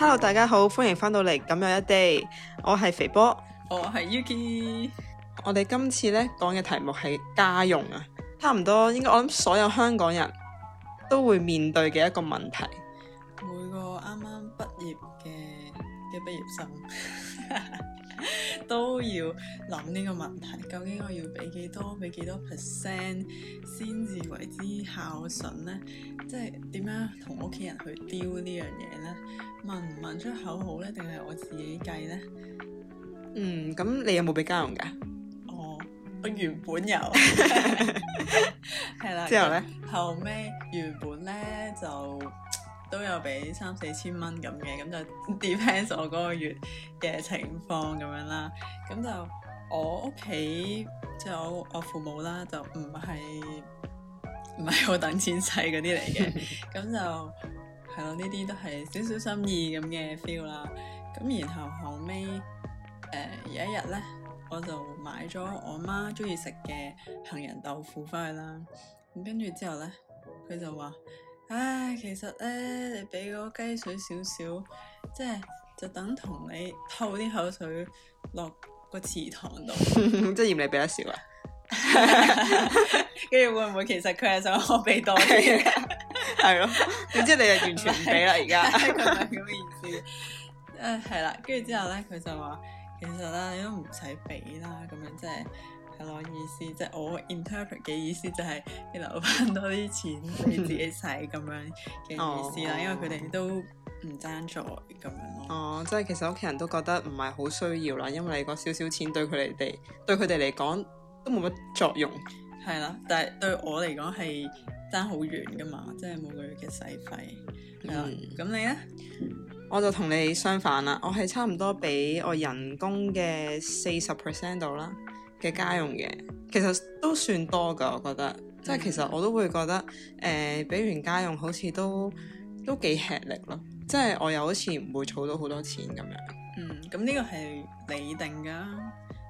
Hello，大家好，歡迎翻到嚟《今日一 day》，我係肥波，我係 Yuki，我哋今次咧講嘅題目係家用啊，差唔多應該我諗所有香港人都會面對嘅一個問題。每個啱啱畢業嘅嘅畢業生。 都要諗呢個問題，究竟我要俾幾多，俾幾多 percent 先至為之孝順呢？即係點樣同屋企人去 deal 呢樣嘢呢？問唔問出口好呢？定係我自己計呢？嗯，咁你有冇俾家用噶？我我、哦、原本有 了，係啦。之後呢？後尾原本呢就。都有俾三四千蚊咁嘅，咁就 depends 我嗰個月嘅情況咁樣啦。咁就我屋企即係、我，我父母啦，就唔係唔係好等錢使嗰啲嚟嘅。咁 就係咯，呢啲都係少少心意咁嘅 feel 啦。咁然後後尾誒有一日咧，我就買咗我媽中意食嘅杏仁豆腐翻去啦。咁跟住之後咧，佢就話。唉，其實咧，你俾嗰雞水少少，即係就等同你吐啲口水落個池塘度， 即係嫌你俾得少啦、啊。跟住 會唔會其實佢係想我俾多嘅？係咯，然之後你就完全唔俾啦而家。佢係咁嘅意思。誒，係啦，跟住之後咧，佢就話：其實咧，你都唔使俾啦，咁樣即、就、係、係。意思即係我 interpret 嘅意思，就係、你、留翻多啲錢 你自己使咁樣嘅意思啦。Oh, oh, oh. 因為佢哋都唔爭在咁樣咯。哦，oh, 即係其實屋企人都覺得唔係好需要啦，因為你嗰少少錢對佢哋哋對佢哋嚟講都冇乜作用，係啦。但係對我嚟講係爭好遠噶嘛，即係每個月嘅使費。嗯、mm.，咁你咧？我就同你相反啦。我係差唔多俾我人工嘅四十 percent 度啦。嘅家用嘅，其實都算多㗎，我覺得。嗯、即係其實我都會覺得，誒、呃，俾完家用好似都都幾吃力咯。即係我又好似唔會儲到好多錢咁樣。嗯，咁呢個係你定㗎？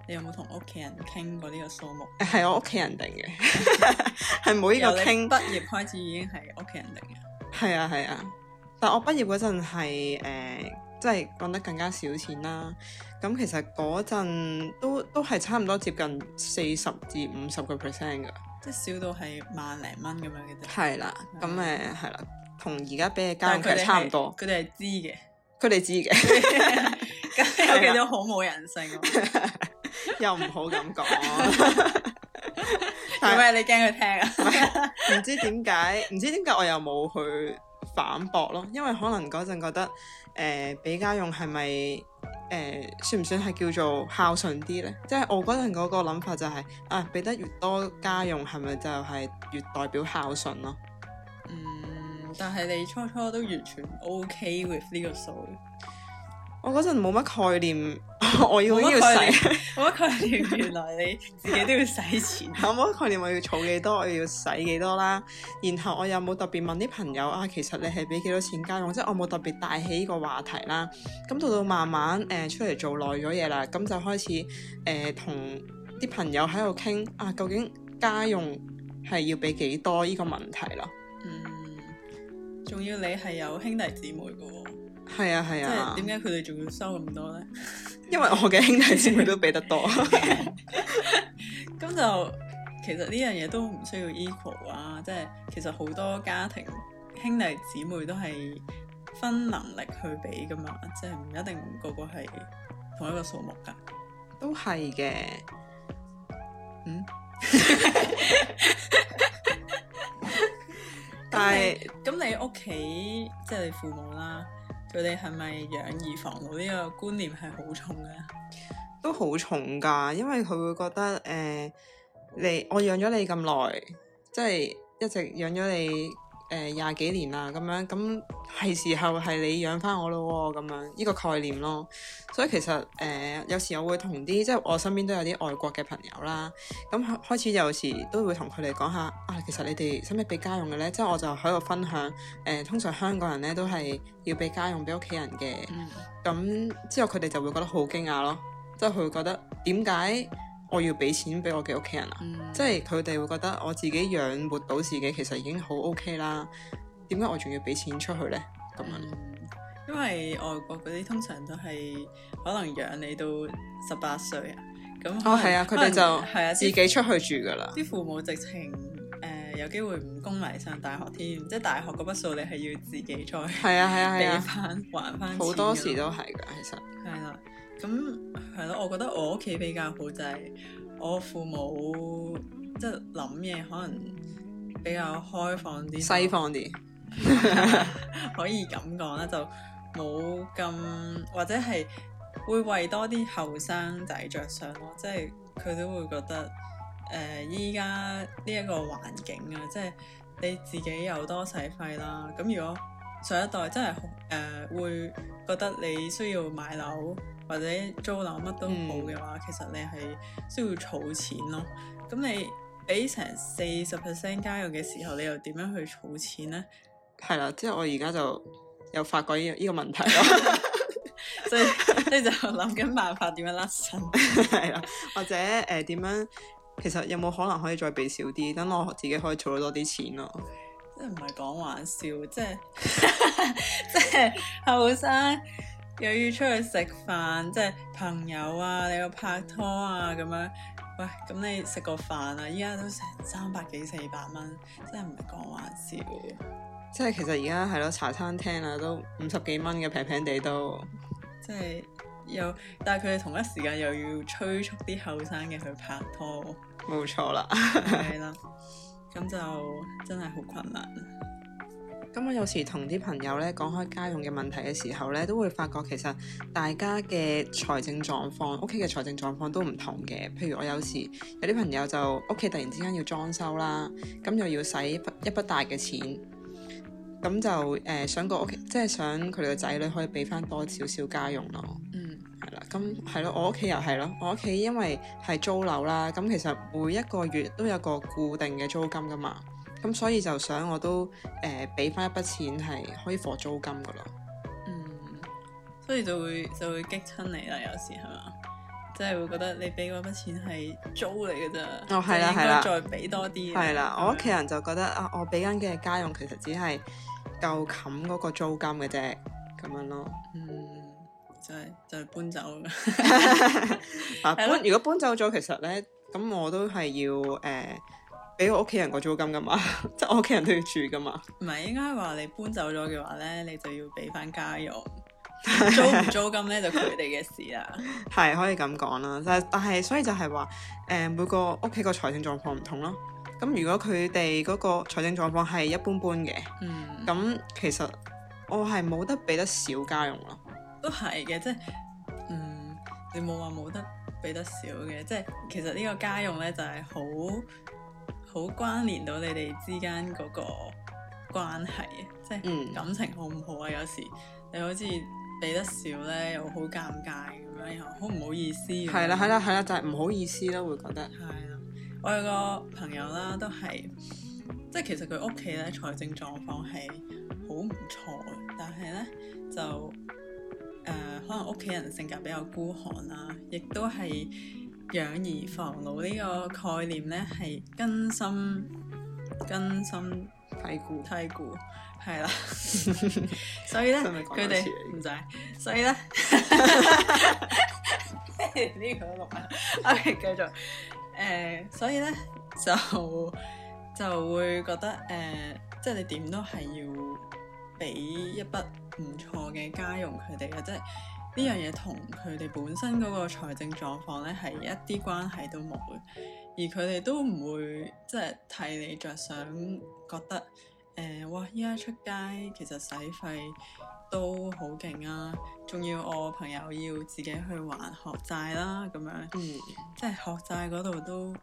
你有冇同屋企人傾過呢個數目？係我屋企人定嘅，係冇依個傾。 畢業開始已經係屋企人定嘅。係啊係啊，啊，但係我畢業嗰陣係即係講得更加少錢啦，咁其實嗰陣都都係差唔多接近四十至五十個 percent 噶，即係少到係萬零蚊咁樣嘅啫。係啦，咁誒係啦，同而家俾嘅家用差唔多。佢哋係知嘅，佢哋知嘅。咁 有幾多好冇人性咯，啊？ 又唔好咁講，係咪 你驚佢聽啊？唔 知點解，唔知點解，我又冇去。反駁咯，因為可能嗰陣覺得，誒、呃、俾家用係咪，誒、呃、算唔算係叫做孝順啲呢？即、就、係、是、我嗰陣嗰個諗法就係、是，啊俾得越多家用係咪就係越代表孝順咯、嗯？但係你初初都完全 OK with 呢個數，我嗰陣冇乜概念。 我要要使，冇乜概念。 原來你自己都要使錢。冇乜 概念我，我要儲幾多，我要使幾多啦。然後我又冇特別問啲朋友啊，其實你係俾幾多錢家用，即係我冇特別帶起呢個話題啦。咁到到慢慢誒出嚟做耐咗嘢啦，咁就開始誒同啲朋友喺度傾啊，究竟家用係要俾幾多呢個問題咯。嗯，仲要你係有兄弟姊妹噶。係啊係啊，即係點解佢哋仲要收咁多咧？因為我嘅兄弟姊妹都俾得多，咁就其實呢樣嘢都唔需要 equal 啊！即係其實好多家庭兄弟姊妹都係分能力去俾噶嘛，即係唔一定個個係同一個數目噶，都係嘅。嗯， 但係咁 你屋企即係你父母啦。佢哋係咪養兒防老呢個觀念係好重嘅？都好重噶，因為佢會覺得，誒，你我養咗你咁耐，即係一直養咗你。廿幾年啦，咁樣咁係時候係你養翻我咯喎，咁樣呢個概念咯。所以其實誒、呃、有時我會同啲即係我身邊都有啲外國嘅朋友啦，咁開始有時都會同佢哋講下啊，其實你哋使唔使俾家用嘅呢？即、就、係、是、我就喺度分享誒、呃，通常香港人呢都係要俾家用俾屋企人嘅。咁、嗯、之後佢哋就會覺得好驚訝咯，即係佢會覺得點解？我要俾錢俾我嘅屋企人啊，嗯、即係佢哋會覺得我自己養活到自己，其實已經好 OK 啦。點解我仲要俾錢出去呢？咁啊、嗯，因為外國嗰啲通常都係可能養你到十八歲、哦、啊，咁哦係啊，佢哋就係啊自己出去住噶啦。啲父母直情誒、呃、有機會唔供嚟上大學添，即係大學嗰筆數你係要自己再係啊係啊俾翻、啊、還翻好多時都係噶，其實係啦。咁係咯，我覺得我屋企比較好，就係我父母即係諗嘢可能比較開放啲，西方啲， 可以咁講啦，就冇咁或者係會為多啲後生仔着想咯，即係佢都會覺得誒依家，呢一個環境啊，即係你自己有多使費啦，咁如果上一代真係誒會覺得你需要買樓，或者租樓乜都冇嘅話，嗯、其實你係需要儲錢咯。咁你俾成四十 percent 家用嘅時候，你又點樣去儲錢咧？係啦，即係我而家就有發覺呢呢個問題咯，即係你就諗緊辦法點樣甩身，係 啦，或者誒點、呃、樣？其實有冇可能可以再俾少啲，等我自己可以儲到多啲錢咯？即係唔係講玩笑，即係即係後生。 又要出去食飯，即係朋友啊，你要拍拖啊咁樣。喂，咁你食個飯啊，依家都成三百幾四百蚊，真係唔係講話笑。即係其實而家係咯，茶餐廳啊都五十幾蚊嘅平平地都。即係又，但係佢哋同一時間又要催促啲後生嘅去拍拖。冇錯啦。係 啦。咁就真係好困難。咁我有時同啲朋友咧，講開家用嘅問題嘅時候咧，都會發覺其實大家嘅財政狀況，屋企嘅財政狀況都唔同嘅。譬如我有時有啲朋友就屋企突然之間要裝修啦，咁又要使一筆大嘅錢，咁就誒、呃、想個屋企，即係想佢哋嘅仔女可以俾翻多少少家用咯。嗯，係啦，咁係咯，我屋企又係咯，我屋企因為係租樓啦，咁其實每一個月都有個固定嘅租金噶嘛。咁所以就想我都誒俾翻一筆錢係可以付租金噶咯。嗯，所以就會就會激親你啦，有時係嘛，即係、就是、會覺得你俾嗰筆錢係租嚟嘅啫。哦，係啦、啊，係啦，再俾多啲。係啦、啊，啊、我屋企人就覺得啊，我俾緊嘅家用其實只係夠冚嗰個租金嘅啫，咁樣咯。嗯，就係、是、就係、是、搬走。嗱、 啊，搬如果搬走咗，其實咧咁我都係要誒。呃俾我屋企人個租金噶嘛， 即係我屋企人都要住噶嘛。唔係，應該係話你搬走咗嘅話咧，你就要俾翻家用 租唔租金咧，就佢哋嘅事啦。係 可以咁講啦，但係但係所以就係話誒，每個屋企個財政狀況唔同咯。咁如果佢哋嗰個財政狀況係一般般嘅，咁、嗯、其實我係冇得俾得少家用咯。都係嘅，即係嗯，你冇話冇得俾得少嘅，即係其實呢個家用咧就係好。好關聯到你哋之間嗰個關係啊，即係感情好唔好啊？嗯、有時你好似俾得少咧，又好尷尬咁樣，又好唔好意思。係啦，係啦，係啦，就係、是、唔好意思咯，會覺得。係啊，我有個朋友啦，都係即係其實佢屋企咧財政狀況係好唔錯，但係咧就誒、呃、可能屋企人性格比較孤寒啊，亦都係。養兒防老呢個概念咧，係根深根深蒂固，蒂固係啦。 所以咧，佢哋唔使。所以咧，即係呢個錄啊。OK，繼續。呃、所以咧就就會覺得誒，即、呃、係、就係、你點都係要俾一筆唔錯嘅家用佢哋嘅，即、就、係、係。呢樣嘢同佢哋本身嗰個財政狀況呢係一啲關係都冇嘅，而佢哋都唔會即係替你着想，覺得誒、呃，哇！依家出街其實使費都好勁啊，仲要我朋友要自己去還學債啦，咁樣,、嗯、樣，即係學債嗰度都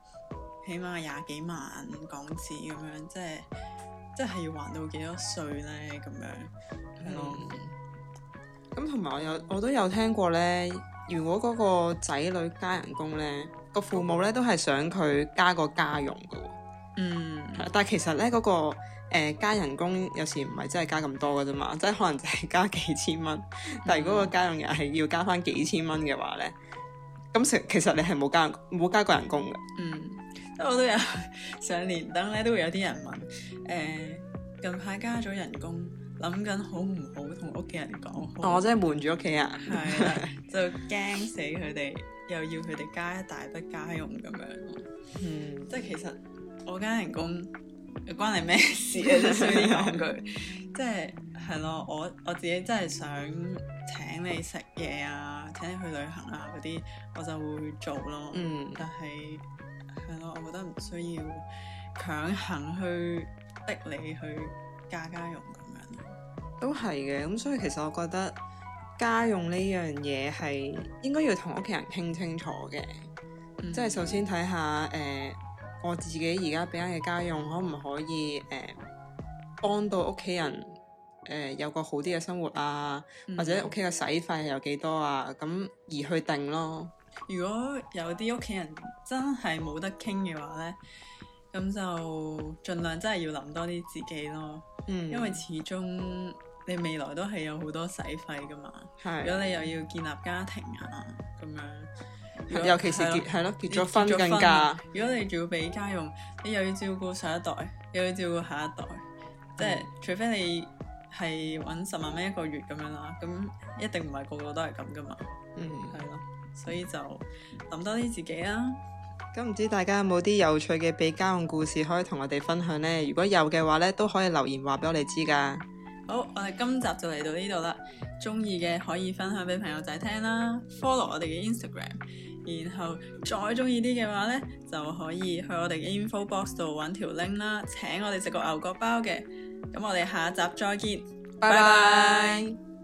起碼廿幾萬港紙咁樣，即係即係要還到幾多歲呢？咁樣，係咯、嗯。咁同埋我有，我都有聽過咧。如果嗰個仔女加人工咧，個父母咧都係想佢加個家用噶喎。嗯。但係其實咧嗰個誒加人工有時唔係真係加咁多噶啫嘛，即係可能就係加幾千蚊。但係如果個家用又係要加翻幾千蚊嘅話咧，咁成其實你係冇加冇加個人工㗎。嗯。我都有上年等咧，都會有啲人問誒，呃、近排加咗人工。.諗緊好唔好同屋企人講？哦，我真係瞞住屋企人。係 就驚死佢哋，又要佢哋加一大筆家用咁樣。嗯，即係其實我間人工關你咩事啊？即係呢兩句，即係係咯，我我自己真係想請你食嘢啊，請你去旅行啊嗰啲，我就會做咯。嗯，但係係咯，我覺得唔需要強行去逼你去加家用。都係嘅，咁所以其實我覺得家用呢樣嘢係應該要同屋企人傾清楚嘅，mm hmm. 即係首先睇下誒、呃、我自己而家俾緊嘅家用可唔可以誒、呃、幫到屋企人誒、呃、有個好啲嘅生活啊，mm hmm. 或者屋企嘅使費有幾多啊，咁而去定咯。如果有啲屋企人真係冇得傾嘅話咧，咁就盡量真係要諗多啲自己咯，嗯、mm，hmm. 因為始終。你未來都係有好多使費噶嘛？係的。如果你又要建立家庭啊，咁樣，尤其是結係咯的的結咗婚更加。如果你仲要俾家用，你又要照顧上一代，又要照顧下一代，即係、嗯、除非你係揾十萬蚊一個月咁樣啦，咁一定唔係個個都係咁噶嘛。嗯，係咯，所以就諗多啲自己啊。咁唔、嗯、知大家有冇啲有，有趣嘅俾家用故事可以同我哋分享呢？如果有嘅話呢，都可以留言話俾我哋知噶。好，我哋今集就嚟到呢度啦。中意嘅可以分享俾朋友仔聽啦，follow 我哋嘅 Instagram，然後再中意啲嘅話呢，就可以去我哋嘅 info box 度揾條 link 啦，請我哋食個牛角包嘅。咁我哋下一集再見，拜拜。